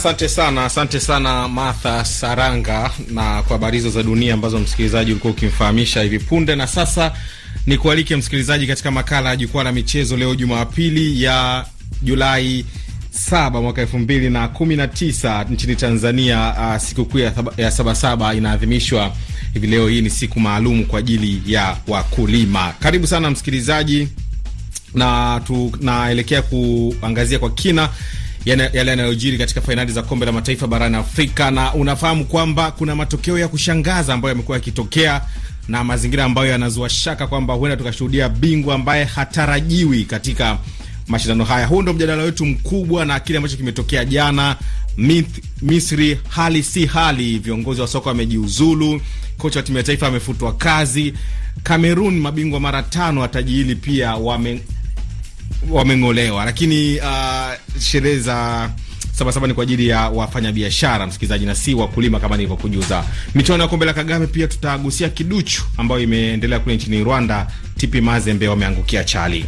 Asante sana, asante sana Martha Saranga, na kwa habari hizo za dunia ambazo msikilizaji ulikuwa ukimfahamisha hivi punde. Na sasa ni kualike msikilizaji katika makala ya jukwaa la michezo leo Jumapili ya Julai saba mwaka elfu mbili na kumi na tisa nchini Tanzania. Uh, sikukuu ya, ya Sabasaba inaadhimishwa hivi leo. Hii ni siku maalum kwa ajili ya wakulima. Karibu sana msikilizaji na tunaelekea kuangazia kwa kina yale yanayojiri katika fainali za kombe la mataifa barani Afrika, na unafahamu kwamba kuna matokeo ya kushangaza ambayo yamekuwa yakitokea na mazingira ambayo yanazua shaka kwamba huenda tukashuhudia bingwa ambaye hatarajiwi katika mashindano haya. Huu ndo mjadala wetu mkubwa na kile ambacho kimetokea jana Mith, Misri, hali si hali, viongozi wa soka wamejiuzulu, kocha wa timu ya taifa amefutwa kazi. Kamerun, mabingwa mara tano wa pia wame wameng'olewa, lakini uh, sherehe za Sabasaba ni kwa ajili ya wafanyabiashara, msikilizaji, na si wakulima kama nilivyokujuza. Michuano ya kombe la Kagame pia tutagusia kiduchu ambayo imeendelea kule nchini Rwanda. TP Mazembe wameangukia chali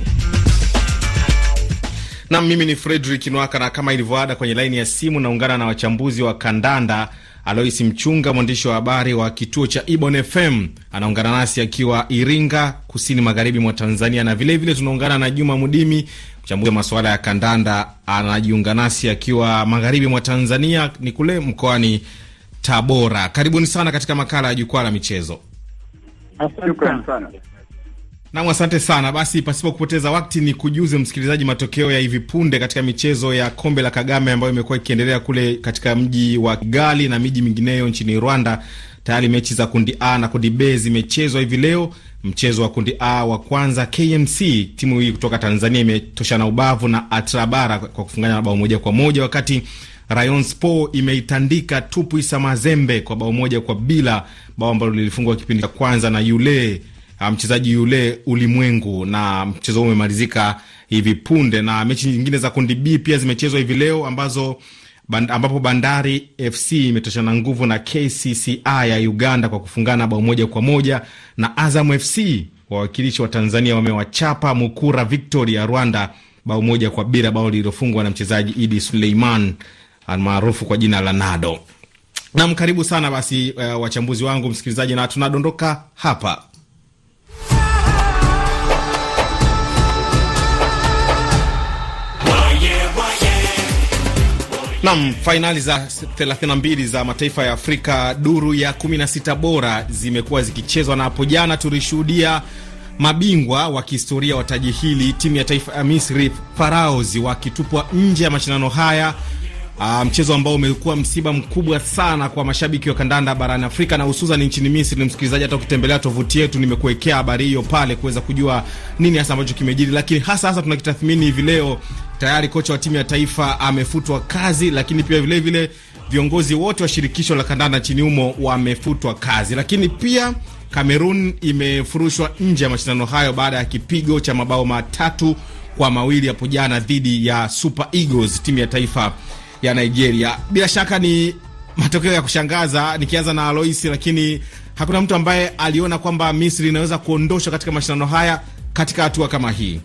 na mimi ni Fredrick Nwaka, na kama ilivyoada kwenye laini ya simu naungana na wachambuzi wa kandanda Alois Mchunga, mwandishi wa habari wa kituo cha Ibon FM, anaungana nasi akiwa Iringa, kusini magharibi mwa Tanzania, na vilevile tunaungana na Juma Mudimi, mchambuzi wa masuala ya kandanda, anajiunga nasi akiwa magharibi mwa Tanzania, ni kule mkoani Tabora. Karibuni sana katika makala ya Jukwaa la Michezo. Asante sana. Nam, asante sana. Basi pasipo kupoteza wakati, ni kujuze msikilizaji matokeo ya hivi punde katika michezo ya kombe la Kagame ambayo imekuwa ikiendelea kule katika mji wa Kigali na miji mingineyo nchini Rwanda. Tayari mechi za kundi A na kundi B zimechezwa hivi leo. Mchezo wa kundi A wa kwanza, KMC timu hii kutoka Tanzania imetoshana ubavu na Atrabara kwa kufungana na bao moja kwa moja, wakati Rayon Sport imeitandika Tupuisa Mazembe kwa bao moja kwa bila, bao ambalo lilifungwa kipindi cha kwanza na yule Ah, mchezaji yule ulimwengu, na mchezo huu umemalizika hivi punde. Na mechi nyingine za kundi B pia zimechezwa hivi leo ambazo band, ambapo Bandari FC imetoshana nguvu na KCCI ya Uganda kwa kufungana bao moja kwa moja na Azam FC wawakilishi wa Tanzania wamewachapa Mukura Victory ya Rwanda bao moja kwa bila, bao lililofungwa na mchezaji Idi Suleiman almaarufu kwa jina la Nado. Nam, karibu sana basi, uh, wachambuzi wangu msikilizaji, na tunadondoka hapa Nam, fainali za 32 za mataifa ya Afrika duru ya 16 bora zimekuwa zikichezwa, na hapo jana tulishuhudia mabingwa wa kihistoria wa taji hili, timu ya taifa ya Misri faraos wakitupwa nje ya mashindano haya Uh, mchezo ambao umekuwa msiba mkubwa sana kwa mashabiki wa kandanda barani Afrika na hususan nchini Misri. Ni Msikilizaji, hata ukitembelea tovuti yetu nimekuwekea habari hiyo pale kuweza kujua nini hasa ambacho kimejiri, lakini hasa hasa tunakitathmini hivi leo. Tayari kocha wa timu ya taifa amefutwa kazi, lakini pia vile vile viongozi wote wa shirikisho la kandanda nchini humo wamefutwa kazi, lakini pia Kamerun imefurushwa nje ya mashindano hayo baada ya kipigo cha mabao matatu kwa mawili hapo jana dhidi ya Super Eagles, timu ya taifa ya Nigeria. Bila shaka ni matokeo ya kushangaza, nikianza na Aloisi, lakini hakuna mtu ambaye aliona kwamba Misri inaweza kuondoshwa katika mashindano haya katika hatua kama hii.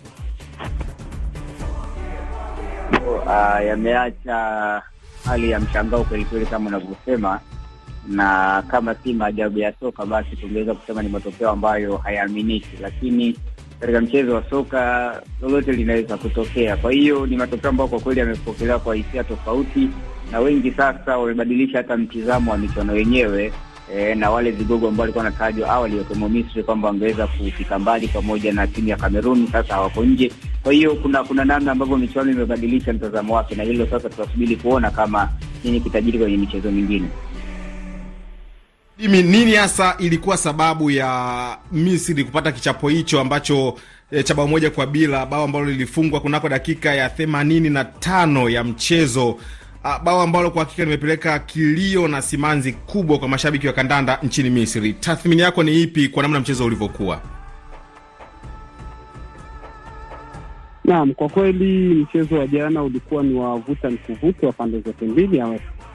Uh, yameacha hali ya mshangao kwelikweli kama unavyosema, na kama si maajabu ya soka, basi tungeweza kusema ni matokeo ambayo hayaaminiki, lakini katika mchezo wa soka lolote linaweza kutokea. Kwa hiyo ni matokeo ambayo kwa kweli yamepokelewa kwa hisia tofauti, na wengi sasa wamebadilisha hata mtizamo wa michuano yenyewe e, na wale vigogo ambao walikuwa wanatajwa awali wakiwemo Misri kwamba wangeweza kufika mbali pamoja na timu ya Kameruni, sasa hawako nje. Kwa hiyo kuna kuna namna ambavyo michuano imebadilisha mtazamo wake, na hilo sasa tunasubiri kuona kama nini kitajiri kwenye michezo mingine. Mimi nini hasa ilikuwa sababu ya Misri kupata kichapo hicho ambacho e, cha bao moja kwa bila, bao ambalo lilifungwa kunako dakika ya themanini na tano ya mchezo, ah, bao ambalo kwa hakika limepeleka kilio na simanzi kubwa kwa mashabiki wa kandanda nchini Misri. Tathmini yako ni ipi kwa namna mchezo ulivyokuwa? Naam, kwa kweli mchezo wa jana ulikuwa ni wavuta ni wa pande zote mbili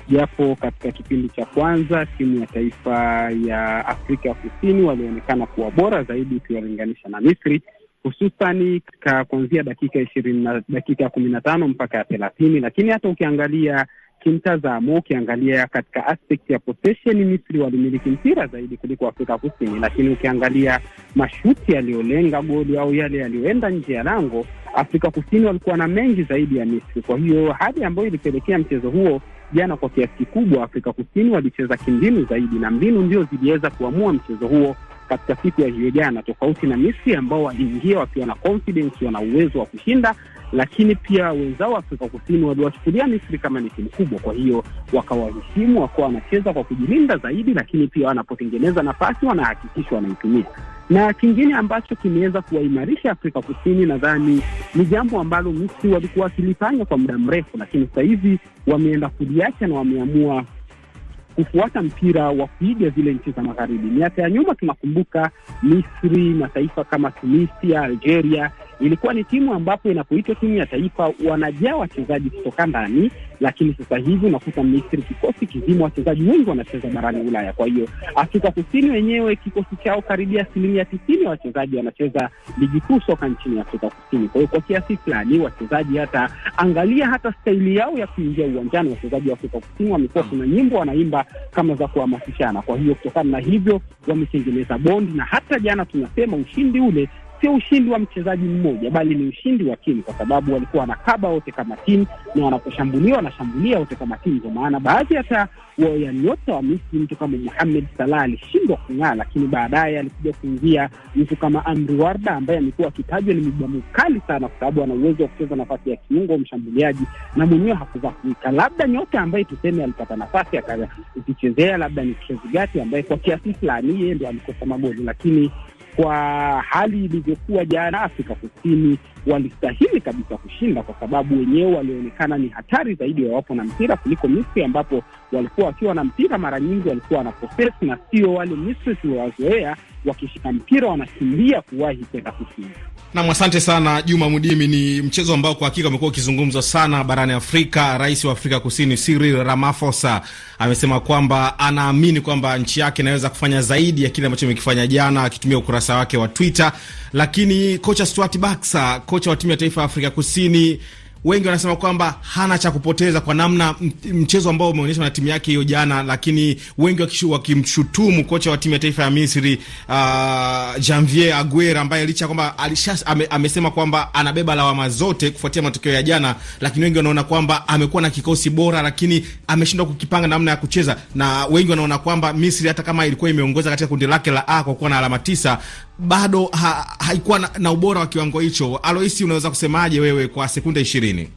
japo katika kipindi cha kwanza timu ya taifa ya Afrika Kusini walionekana kuwa bora zaidi ukiwalinganisha na Misri, hususani kuanzia dakika ishirini na dakika kumi na tano mpaka ya thelathini. Lakini hata ukiangalia kimtazamo, ukiangalia katika aspect ya possession, Misri walimiliki mpira zaidi kuliko Afrika Kusini, lakini ukiangalia mashuti yaliyolenga goli au yale yaliyoenda nje ya lango, Afrika Kusini walikuwa na mengi zaidi ya Misri. Kwa hiyo hali ambayo ilipelekea mchezo huo jana kwa kiasi kikubwa Afrika Kusini walicheza kimbinu zaidi na mbinu ndio ziliweza kuamua mchezo huo katika siku ya hiyo jana, tofauti na Misri ambao waliingia wakiwa na confidence, wana uwezo wa kushinda, lakini pia wenzao Afrika Kusini waliwachukulia Misri kama ni timu kubwa, kwa hiyo wakawaheshimu, wakawa wanacheza kwa kujilinda zaidi, lakini pia wanapotengeneza nafasi wanahakikisha wanaitumia. Na kingine ambacho kimeweza kuwaimarisha Afrika Kusini, nadhani ni jambo ambalo Misri walikuwa wakilifanya kwa muda mrefu, lakini sasa hivi wameenda kuliacha na wameamua kufuata mpira wa kuiga zile nchi za magharibi. Miaka ya nyuma tunakumbuka Misri, mataifa kama Tunisia, Algeria ilikuwa ni timu ambapo inapoitwa timu ya taifa wanajaa wachezaji kutoka ndani, lakini sasa hivi unakuta Misri kikosi kizima, wachezaji wengi wanacheza barani Ulaya. Kwa hiyo Afrika Kusini wenyewe kikosi chao karibia asilimia tisini ya wachezaji wanacheza ligi kuu soka nchini Afrika Kusini. Kwa hiyo kwa kiasi fulani wachezaji, hata angalia hata staili yao ya kuingia uwanjani, wachezaji wa Afrika Kusini wamekuwa kuna nyimbo wanaimba kama za kuhamasishana. Kwa hiyo kutokana na hivyo wametengeneza bondi, na hata jana tunasema ushindi ule sio ushindi wa mchezaji mmoja, bali ni ushindi wa timu, kwa sababu walikuwa wanakaba wote kama timu, na wanaposhambulia wanashambulia wote kama timu. Kwa maana baadhi hata ya nyota wa Misri, mtu kama Muhamed Salah alishindwa kung'aa, lakini baadaye alikuja kuingia mtu kama Amri Warda ambaye amekuwa akitajwa ni mja mkali sana, kwa sababu ana uwezo wa kucheza nafasi ya kiungo, mshambuliaji, na mwenyewe hakuzafuika. Labda nyota ambaye tuseme alipata nafasi akazichezea labda ni Trezeguet ambaye kwa kiasi fulani yeye ndo alikosa magoli, lakini kwa hali ilivyokuwa jana, Afrika Kusini walistahili kabisa kushinda, kwa sababu wenyewe walionekana ni hatari zaidi wawapo na mpira kuliko Misri, ambapo walikuwa wakiwa na mpira mara nyingi walikuwa wana na sio wale Misri tuliwazoea wakishika mpira wanakimbia kuwahi kwenda kufunga. Nam, asante sana Juma Mudimi. Ni mchezo ambao kwa hakika umekuwa ukizungumzwa sana barani Afrika. Rais wa Afrika Kusini Cyril Ramaphosa amesema kwamba anaamini kwamba nchi yake inaweza kufanya zaidi ya kile ambacho imekifanya jana, akitumia ukurasa wake wa Twitter. Lakini kocha Stuart Baxter, kocha wa timu ya taifa ya Afrika Kusini wengi wanasema kwamba hana cha kupoteza kwa namna mchezo ambao umeonyeshwa na timu yake hiyo jana, lakini wengi wakimshutumu kocha wa timu ya taifa ya Misri uh, Janvier Aguero ambaye licha kwamba alisha ame, amesema kwamba anabeba lawama zote kufuatia matokeo ya jana, lakini wengi wanaona kwamba amekuwa na kikosi bora, lakini ameshindwa kukipanga namna ya kucheza, na wengi wanaona kwamba Misri hata kama ilikuwa imeongoza katika kundi lake la A kwa kuwa na alama tisa bado ha, haikuwa na, na ubora wa kiwango hicho. Aloisi, unaweza kusemaje wewe kwa sekunde ishirini? Mjini.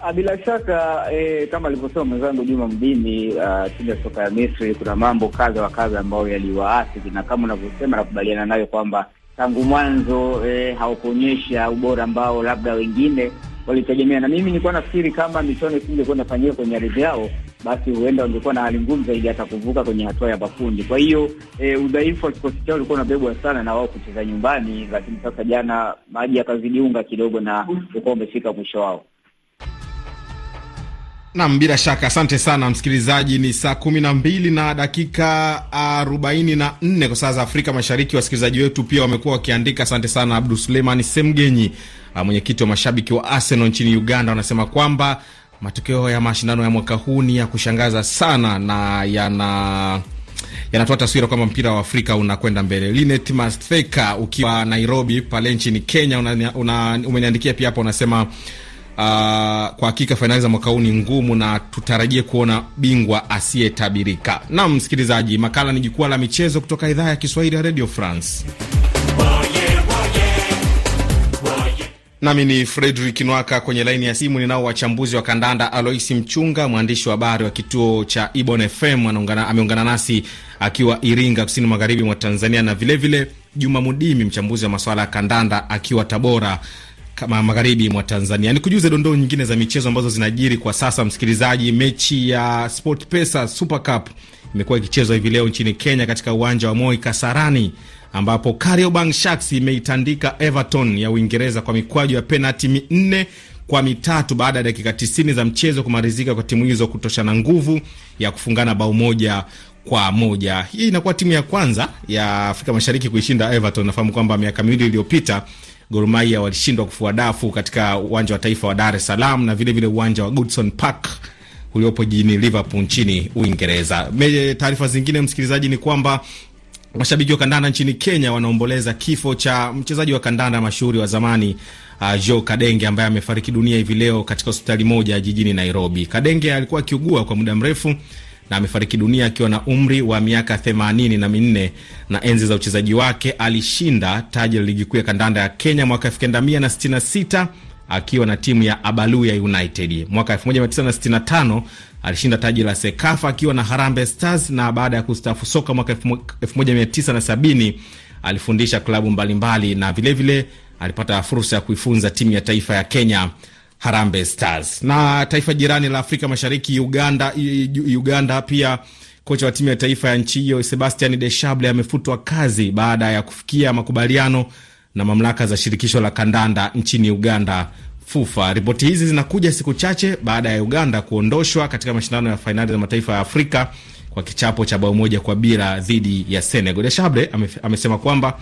Ah, bila shaka eh, kama alivyosema mwenzangu Juma mdini uh, ah, timu ya soka ya Misri kuna mambo kadha wa kadha ambayo yaliwaathiri, na kama unavyosema nakubaliana nayo kwamba tangu mwanzo eh, hawakuonyesha ubora ambao labda wengine walitegemea, na mimi nilikuwa nafikiri kama michuano isingekuwa inafanyika kwenye ardhi yao basi huenda wangekuwa na hali ngumu zaidi hata kuvuka kwenye hatua ya makundi. Kwa hiyo e, udhaifu wa kikosi chao ulikuwa unabebwa sana na wao kucheza nyumbani, lakini sasa jana maji yakazijiunga kidogo na ulikuwa umefika mwisho wao. Nam, bila shaka, asante sana msikilizaji. Ni saa kumi na mbili na dakika arobaini na nne kwa saa za Afrika Mashariki. Wasikilizaji wetu pia wamekuwa wakiandika. Asante sana Abdu Suleimani Semgenyi, mwenyekiti wa mashabiki wa Arsenal nchini Uganda, wanasema kwamba Matokeo ya mashindano ya mwaka huu ni ya kushangaza sana na yana yanatoa taswira kwamba mpira wa Afrika unakwenda mbele. Linet Mastheka, ukiwa Nairobi pale nchini Kenya, umeniandikia pia hapa, unasema uh, kwa hakika fainali za mwaka huu ni ngumu na tutarajie kuona bingwa asiyetabirika. Naam msikilizaji, makala ni jukwaa la michezo kutoka idhaa ya Kiswahili ya Radio France. Nami ni Fredrik Nwaka kwenye laini ya simu. Ninao wachambuzi wa kandanda, Aloisi Mchunga, mwandishi wa habari wa kituo cha Ibon FM, ameungana nasi akiwa Iringa, kusini magharibi mwa Tanzania, na vilevile vile, Juma Mudimi, mchambuzi wa masuala ya kandanda akiwa Tabora, kama magharibi mwa Tanzania. Ni kujuze dondoo nyingine za michezo ambazo zinajiri kwa sasa, msikilizaji. Mechi ya Sport Pesa Super Cup imekuwa ikichezwa hivi leo nchini Kenya katika uwanja wa Moi Kasarani ambapo Kariobangi Sharks imeitandika Everton ya Uingereza kwa mikwaju ya penati minne kwa mitatu baada ya dakika 90 za mchezo kumalizika kwa timu hizo kutoshana nguvu ya kufungana bao moja kwa moja. Hii inakuwa timu ya kwanza ya Afrika Mashariki kuishinda Everton. Nafahamu kwamba miaka miwili iliyopita Gor Mahia walishindwa kufua dafu katika uwanja wa taifa wa Dar es Salaam na vilevile uwanja wa Goodson Park uliopo jijini Liverpool nchini Uingereza. Taarifa zingine msikilizaji, ni kwamba Mashabiki wa kandanda nchini Kenya wanaomboleza kifo cha mchezaji wa kandanda mashuhuri wa zamani uh, Joe Kadenge ambaye amefariki dunia hivi leo katika hospitali moja jijini Nairobi. Kadenge alikuwa akiugua kwa muda mrefu na amefariki dunia akiwa na umri wa miaka themanini na minne. Na enzi za uchezaji wake alishinda taji la ligi kuu ya kandanda ya Kenya mwaka sita akiwa na timu ya Abaluya United. Mwaka tano Alishinda taji la Sekafa akiwa na harambe Stars, na baada ya kustaafu soka mwaka 1970 alifundisha klabu mbalimbali na vilevile vile, alipata fursa ya kuifunza timu ya taifa ya Kenya harambe Stars. Na taifa jirani la Afrika Mashariki Uganda, Uganda pia kocha wa timu ya taifa ya nchi hiyo Sebastian Deshable amefutwa kazi baada ya kufikia makubaliano na mamlaka za shirikisho la kandanda nchini Uganda FUFA. Ripoti hizi zinakuja siku chache baada ya Uganda kuondoshwa katika mashindano ya fainali za mataifa ya Afrika kwa kichapo cha bao moja kwa bila dhidi ya Senegal. Deshabre amesema kwamba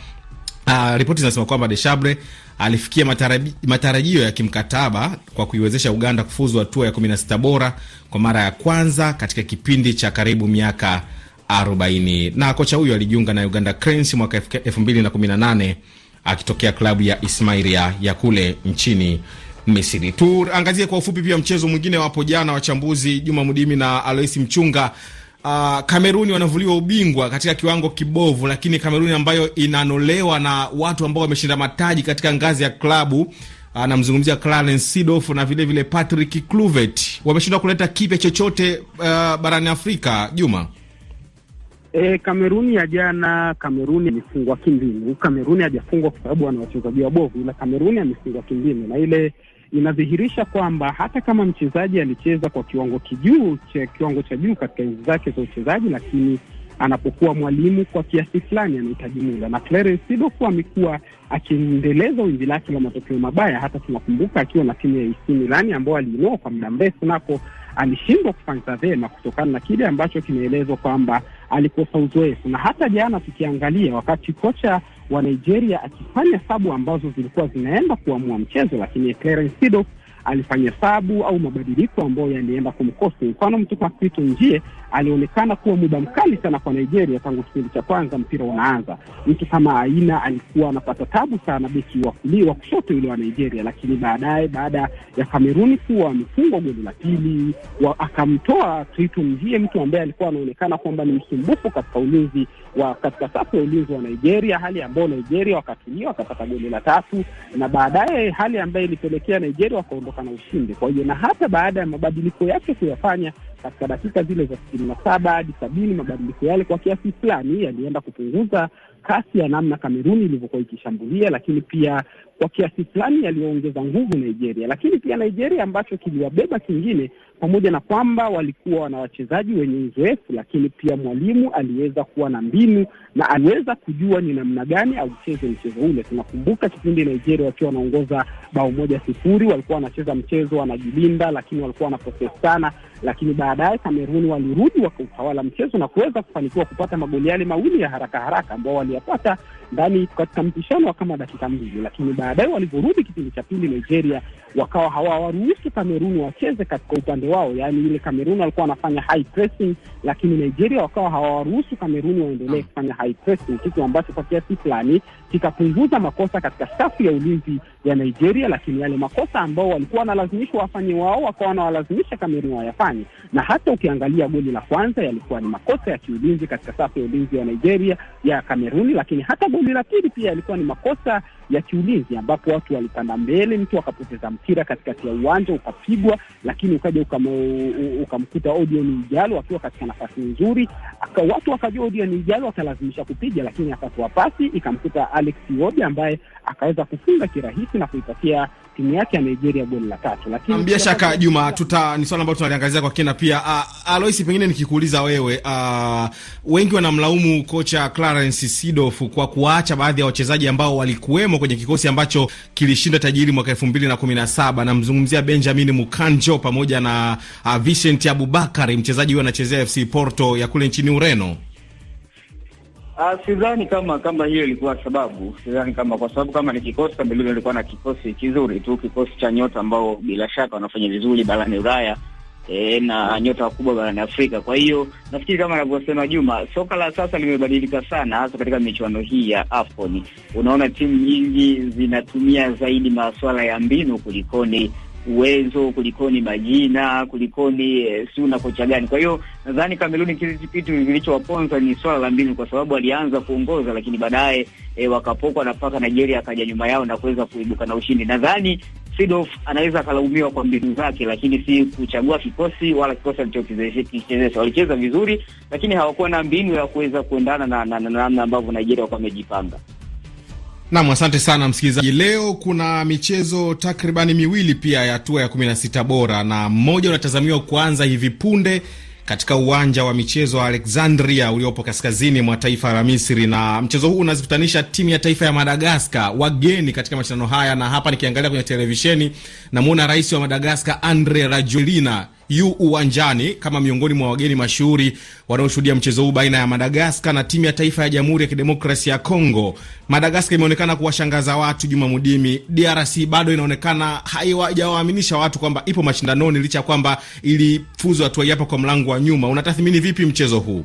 Uh, ripoti zinasema kwamba Deshabre alifikia matarabi, matarajio ya kimkataba kwa kuiwezesha Uganda kufuzu hatua ya 16 bora kwa mara ya kwanza katika kipindi cha karibu miaka 40. Na kocha huyo alijiunga na Uganda Cranes mwaka 2018 akitokea klabu ya Ismailia ya kule nchini Misri. Tuangazie kwa ufupi pia mchezo mwingine wapo jana, wachambuzi Juma Mudimi na Aloisi Mchunga. Uh, Kameruni wanavuliwa ubingwa katika kiwango kibovu, lakini Kameruni ambayo inanolewa na watu ambao wameshinda mataji katika ngazi ya klabu anamzungumzia ah, Clarence Seedorf na vile vile Patrick Kluivert wameshindwa kuleta kipya chochote uh, barani Afrika. Juma, e, Kameruni ya jana, Kameruni amefungwa kimbinu. Kameruni hajafungwa kwa sababu ana wachezaji wabovu, ila Kameruni amefungwa kimbinu na ile inadhihirisha kwamba hata kama mchezaji alicheza kwa kiwango kijuu cha kiwango cha juu katika enzi zake za uchezaji, lakini anapokuwa mwalimu kwa kiasi fulani anahitaji muda, na Clarence Seedorf amekuwa akiendeleza wimbi lake la matokeo mabaya. Hata tunakumbuka akiwa na timu ya AC Milan ambao aliinua kwa muda mrefu, nako alishindwa kufanya vyema kutokana na kile ambacho kimeelezwa kwamba alikosa uzoefu. Na hata jana tukiangalia, wakati kocha wa Nigeria akifanya sabu ambazo zilikuwa zinaenda kuamua mchezo, lakini Clarence Seedorf alifanya sabu au mabadiliko ambayo yalienda kumkosi. Mfano, mtu kwa Kito Njie alionekana kuwa muda mkali sana kwa Nigeria tangu kipindi cha kwanza mpira unaanza. Mtu kama Aina alikuwa anapata tabu sana, beki wa kulia wa kushoto yule wa Nigeria, lakini baadaye baada ya Kameruni kuwa amefungwa goli la pili akamtoa Kito Njie, mtu ambaye alikuwa anaonekana kwamba ni msumbufu katika ulinzi wa katika safu ya ulinzi wa Nigeria, hali ambayo Nigeria wakatumia wakapata goli la tatu, na baadaye hali ambayo ilipelekea Nigeria wakaondoka kuondoka na ushindi. Kwa hiyo na hata baada ya mabadiliko yake kuyafanya katika dakika zile za sitini na saba hadi sabini, mabadiliko yale kwa kiasi fulani yalienda kupunguza kasi ya namna Kameruni ilivyokuwa ikishambulia, lakini pia kwa kiasi fulani yaliyoongeza nguvu Nigeria. Lakini pia Nigeria ambacho kiliwabeba kingine pamoja na kwamba walikuwa na wachezaji wenye uzoefu, lakini pia mwalimu aliweza kuwa na mbinu na aliweza kujua ni namna gani aucheze mchezo ule. Tunakumbuka kipindi Nigeria wakiwa wanaongoza bao moja sifuri, walikuwa wanacheza mchezo wanajilinda, lakini walikuwa wanapoteza sana, lakini baadaye Kameruni walirudi wakautawala mchezo na kuweza kufanikiwa kupata magoli yale mawili ya haraka haraka ambao waliyapata ndani katika mpishano wa kama dakika mbili, lakini baadaye walivyorudi kipindi cha pili Nigeria wakawa hawawaruhusu Kameruni wacheze katika upande upande wao, yaani ile Kamerun alikuwa anafanya high pressing, lakini Nigeria wakawa hawaruhusu Kamerun waendelee ah. kufanya high pressing, kitu ambacho kwa kiasi fulani kikapunguza makosa katika safu ya ulinzi ya Nigeria, lakini yale makosa ambao walikuwa wanalazimishwa wafanye wao wakawa wanawalazimisha Kamerun wayafanye. Na hata ukiangalia goli la kwanza yalikuwa ni makosa ya kiulinzi katika safu ya ulinzi ya Nigeria ya Kameruni, lakini hata goli la pili pia yalikuwa ni makosa ya kiulinzi, ambapo watu walipanda mbele, mtu akapoteza mpira katikati ya uwanja ukapigwa, lakini ukaja ukamkuta Odion Ijalo akiwa katika nafasi nzuri, watu wakajua Odion Ijalo akalazimisha kupiga, lakini akatoa pasi ikamkuta Alex Iwobi ambaye akaweza kufunga kirahisi na kuipatia timu yake ya Nigeria goli la tatu. Lakini bila shaka Juma, tuta ni swala ambalo tunaliangazia kwa kina pia. Uh, Aloisi, pengine nikikuuliza wewe, uh, wengi wanamlaumu kocha Clarence Seedorf kwa kuacha baadhi ya wachezaji ambao walikuwemo kwenye kikosi ambacho kilishinda tajiri mwaka 2017 namzungumzia Benjamin Mukanjo pamoja na uh, Vincent Abubakari, mchezaji huyo anachezea FC Porto ya kule nchini Ureno. Uh, sidhani kama kama hiyo ilikuwa sababu, sidhani kama kwa sababu kama ni kikosi Cameroon ilikuwa na kikosi kizuri tu, kikosi cha nyota ambao bila shaka wanafanya vizuri barani Ulaya e, na nyota wakubwa barani Afrika. Kwa hiyo nafikiri kama anavyosema Juma, soka la sasa limebadilika sana, hasa katika michuano hii ya AFCON. Unaona timu nyingi zinatumia zaidi masuala ya mbinu kulikoni uwezo, kulikoni majina, kulikoni e, si una kocha gani. Kwa hiyo nadhani Kameruni kitu kilichowaponza ni swala la mbinu, kwa sababu alianza kuongoza, lakini baadaye eh, wakapokwa na paka Nigeria akaja nyuma yao na kuweza kuibuka na ushindi. Nadhani Sidof anaweza akalaumiwa kwa mbinu zake, lakini si kuchagua kikosi wala kikosi alichokichezesha. Walicheza vizuri, lakini hawakuwa na mbinu ya kuweza kuendana na namna ambavyo Nigeria wakuwa wamejipanga. Nam, asante sana msikilizaji. Leo kuna michezo takribani miwili pia ya hatua ya 16 bora na mmoja unatazamiwa kuanza hivi punde katika uwanja wa michezo wa Alexandria uliopo kaskazini mwa taifa la Misri, na mchezo huu unazikutanisha timu ya taifa ya Madagaskar wageni katika mashindano haya. Na hapa nikiangalia kwenye televisheni namwona rais wa Madagaskar Andre Rajoelina yu uwanjani kama miongoni mwa wageni mashuhuri wanaoshuhudia mchezo huu baina ya Madagaskar na timu ya taifa ya Jamhuri ya Kidemokrasia ya Kongo. Madagaskar imeonekana kuwashangaza watu juma mudimi. DRC bado inaonekana haiwajawaaminisha watu kwamba ipo mashindanoni licha ya kwamba ilifuzu hatua kwa mlango wa nyuma. Unatathmini vipi mchezo huu?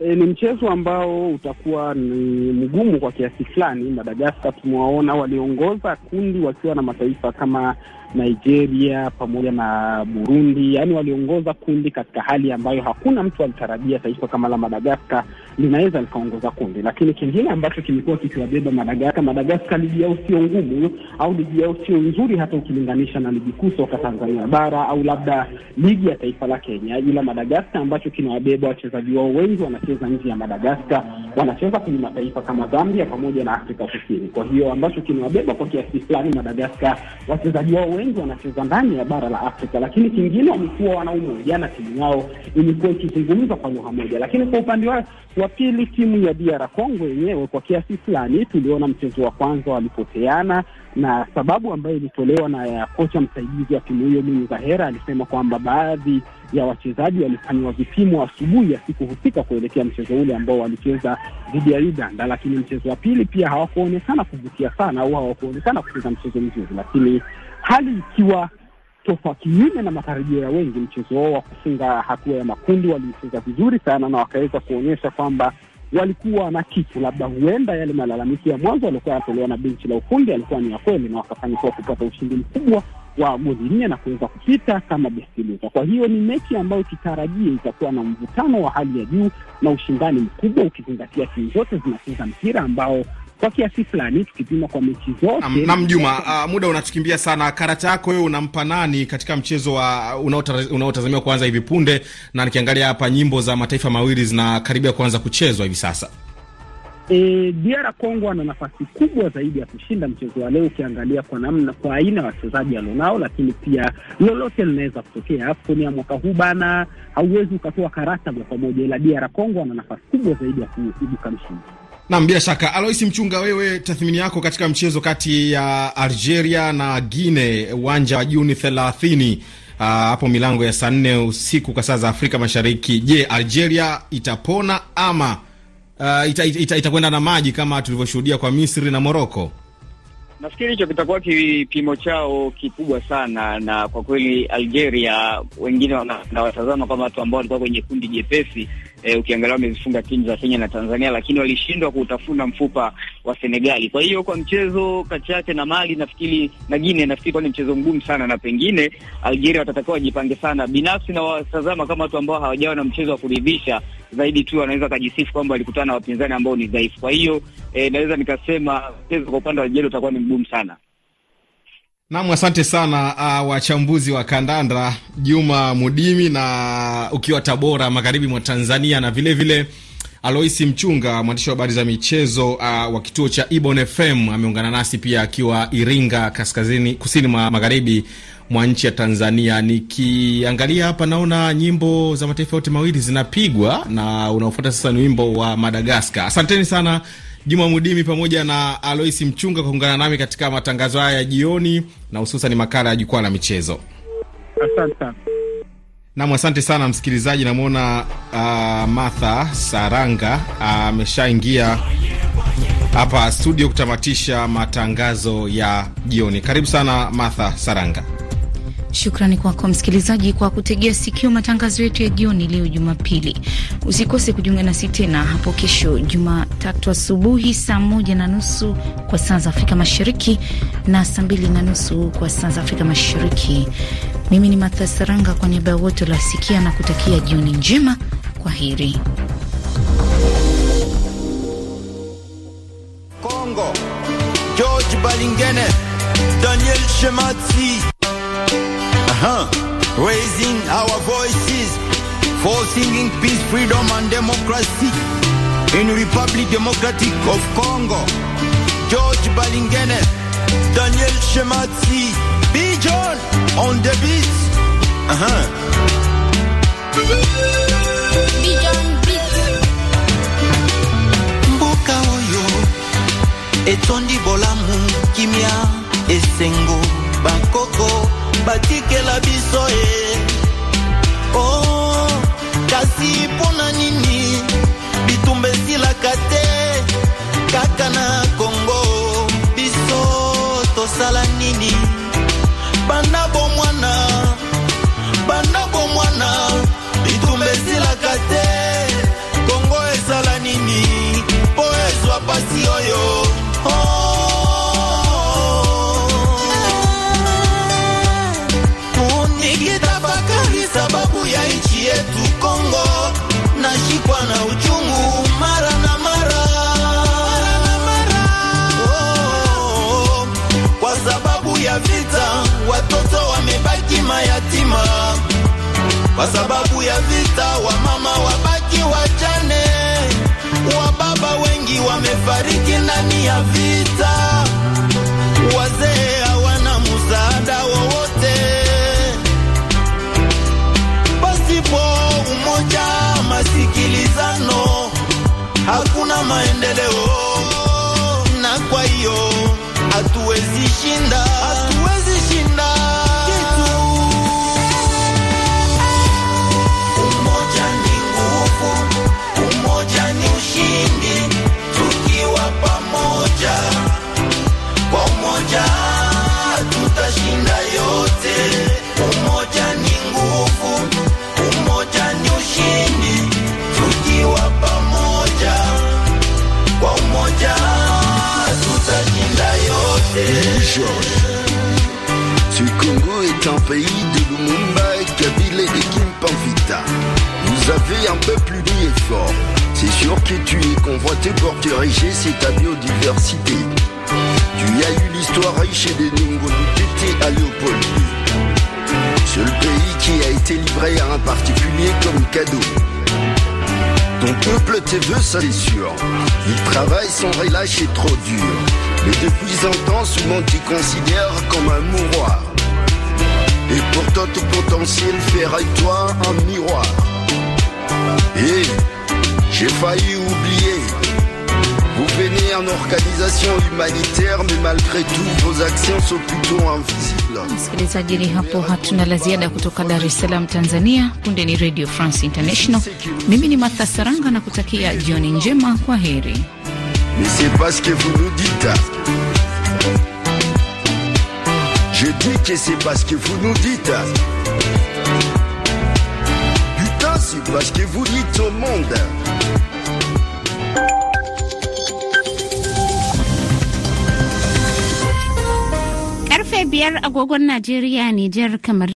E, ni mchezo ambao utakuwa ni mgumu kwa kiasi fulani. Madagaskar tumewaona waliongoza kundi wakiwa na mataifa kama Nigeria pamoja na Burundi, yaani waliongoza kundi katika hali ambayo hakuna mtu alitarajia taifa kama la Madagaskar linaweza likaongoza kundi. Lakini kingine ambacho kimekuwa kikiwabeba Madagaskar, Madagaskar ligi yao sio ngumu au ligi yao sio nzuri, hata ukilinganisha na ligi kuu soka Tanzania bara au labda ligi ya taifa la Kenya, ila Madagaskar ambacho kinawabeba wachezaji wao wengi wanacheza nje ya Madagaskar, wanacheza kwenye mataifa kama Zambia pamoja na Afrika Kusini. Kwa hiyo ambacho kinawabeba kwa kiasi fulani Madagaskar wachezaji wao wengi wanacheza ndani ya bara la Afrika, lakini kingine wamekuwa wanaume umoja timu yao imekuwa ikizungumza kwa lugha moja. Lakini kwa upande wa pili, timu ya DR Congo yenyewe kwa kiasi fulani tuliona mchezo wa kwanza walipoteana, na sababu ambayo ilitolewa na ya kocha msaidizi wa timu hiyo Mwinyi Hera alisema kwamba baadhi ya wachezaji walifanyiwa vipimo asubuhi ya siku husika kuelekea mchezo ule ambao walicheza dhidi ya Uganda, lakini mchezo wa pili pia hawakuonekana kuvutia sana au hawakuonekana kucheza mchezo mzuri, lakini hali ikiwa tofauti kinyume na matarajio ya wengi. Mchezo wao wa kufunga hatua ya makundi waliocheza vizuri sana na wakaweza kuonyesha kwamba walikuwa na kitu, labda huenda yale malalamiko ya mwanzo yaliokuwa anatolewa na benchi la ufundi alikuwa ni ya kweli, na wakafanikiwa kupata ushindi mkubwa wa goli nne na kuweza kupita kama bestiliza. Kwa hiyo ni mechi ambayo kitarajia itakuwa na mvutano wa hali ya juu na ushindani mkubwa, ukizingatia timu zote zinacheza mpira ambao kwa kiasi fulani tukipima kwa mechi zote. Naam Juma, uh, muda unatukimbia sana. Karata yako wewe unampa nani katika mchezo wa unaotazamiwa kuanza hivi punde? Na nikiangalia hapa nyimbo za mataifa mawili zinakaribia kuanza kuchezwa hivi sasa. E, DR Congo ana nafasi kubwa zaidi ya kushinda mchezo wa leo, ukiangalia kwa namna, kwa aina ya wachezaji alionao, lakini pia lolote linaweza kutokea. AFCON ya mwaka huu bana, hauwezi ukatoa karata kwa pamoja, ila DR Congo ana nafasi kubwa zaidi ya kuibuka mshindi. Nam, bila shaka Alois Mchunga, wewe tathmini yako katika mchezo kati ya Algeria na Guine uwanja wa Juni thelathini ah, hapo milango ya saa nne usiku kwa saa za Afrika Mashariki. Je, Algeria itapona ama uh, ah, itakwenda ita, ita na maji kama tulivyoshuhudia kwa Misri na Moroko? Nafikiri hicho kitakuwa kipimo chao kikubwa sana, na kwa kweli Algeria wengine wanawatazama kama watu ambao walikuwa kwenye kundi jepesi eh, ukiangalia wamezifunga timu za Kenya na Tanzania, lakini walishindwa kutafuna mfupa wa Senegali. Kwa hiyo kwa mchezo kati yake na Mali nafikiri na Guinea, nafikiri ni mchezo mgumu sana, na pengine Algeria watatakiwa wajipange sana. Binafsi na watazama kama watu ambao hawajawa na mchezo wa kuridhisha zaidi tu wanaweza kujisifu kwamba walikutana na wapinzani ambao ni dhaifu. Kwa hiyo eh, naweza nikasema mchezo kwa upande wa Algeria utakuwa ni mgumu sana. Nam, asante sana uh, wachambuzi wa kandanda Juma Mudimi na ukiwa Tabora magharibi mwa Tanzania, na vilevile vile, Aloisi Mchunga, mwandishi wa habari za michezo uh, wa kituo cha Ibon FM ameungana nasi pia akiwa Iringa kaskazini kusini ma magharibi mwa nchi ya Tanzania. Nikiangalia hapa naona nyimbo za mataifa yote mawili zinapigwa na unaofuata sasa ni wimbo wa Madagaskar. Asanteni sana Juma Mudimi pamoja na alois Mchunga kuungana nami katika matangazo haya ya jioni na hususan makala ya jukwaa la michezo. Asante Nam, asante sana msikilizaji. Namwona uh, Martha Saranga ameshaingia uh, hapa studio kutamatisha matangazo ya jioni. Karibu sana Martha Saranga. Shukrani kwako msikilizaji kwa kutegea sikio matangazo yetu ya jioni leo Jumapili. Usikose kujiunga nasi tena hapo kesho Jumatatu asubuhi saa moja na nusu kwa saa za Afrika Mashariki na saa mbili na nusu kwa saa za Afrika Mashariki. Mimi ni Matha Saranga, kwa niaba ya wote uliosikia na kutakia jioni njema. Kwa heri. Kongo, George Balingene, Daniel Shemati. huh? Raising our voices for singing peace, freedom, and democracy in Republic Democratic of Congo. George Balingene, Daniel Shemati, B. on the beat. Uh-huh. mboka oyo etondi bolamu kimia esengo bakoko batikela biso e o oh, kasi mpona nini bitumba esilaka te kaka na kongo biso tosala nini kwa sababu ya vita, wamama wabaki wajane, baba wengi wamefariki ndani ya vita, wazee hawana msaada wowote. Pasipo umoja, masikilizano, hakuna maendeleo, na kwa hiyo hatuwezi shinda, hatuwezi shinda. pays de Lumumba et et Vous avez un peuple plus et fort. C'est sûr que tu es convoité pour diriger cette biodiversité. Tu as eu l'histoire riche et des nombreux t'étais à Léopold. Seul pays qui a été livré à un particulier comme cadeau. Ton peuple te veut, ça c'est sûr. Il travaille sans relâche et trop dur. Mais depuis un temps, souvent tu considères comme un mouroir. Azote potentiel, ferraille-toi un miroir. Et j'ai failli oublier. Vous venez en organisation humanitaire, mais malgré tout vos actions sont plutôt invisibles. Msikilizaji, ni hapo, hatuna la ziada kutoka Dar es Salaam, Tanzania. Punde Radio France International. Mimi ni Saranga na kutakia jioni njema, kwa heri. Mais c'est pas ce que vous nous dites. Je dis que c'est parce que vous nous dites. Putain, c'est parce que vous dites au monde. Niger